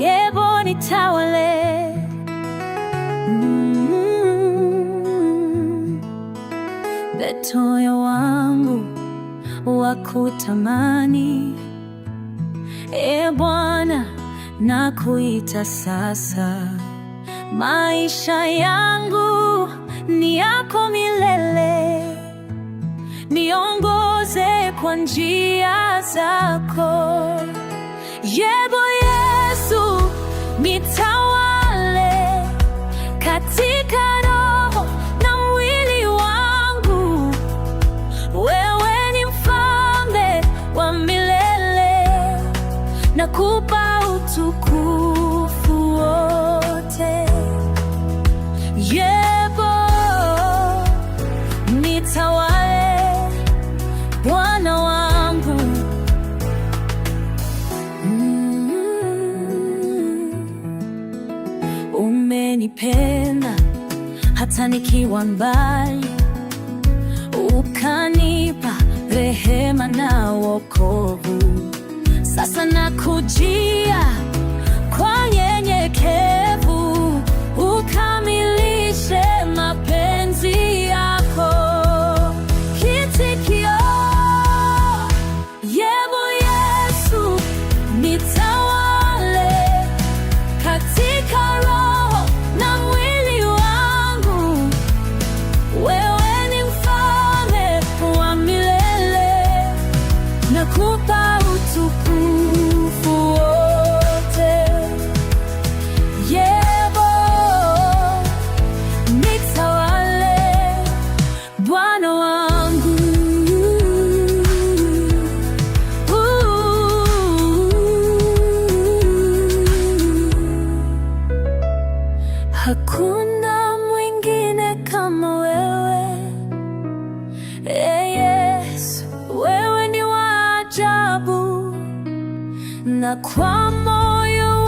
Yebo, nitawale mm -hmm. Betoyo wangu wakutamani, E Bwana, nakuita sasa, maisha yangu ni yako milele, niongoze kwa njia zako yeah. nakupa utukufu wote. Yebo, nitawale Bwana wangu mm -hmm. Umenipenda hata nikiwa mbali, ukanipa rehema na wokovu sasa nakujia kwa nyenyekevu, ukamilishe mapenzi yako. Kitikio: Yebu Yesu, nitawale katika roho na mwili wangu, wewe ni mfalme wa milele, nakupa utukufu wote, yebo nitawale Bwana hakuna mwingine kama sababu na kwa moyo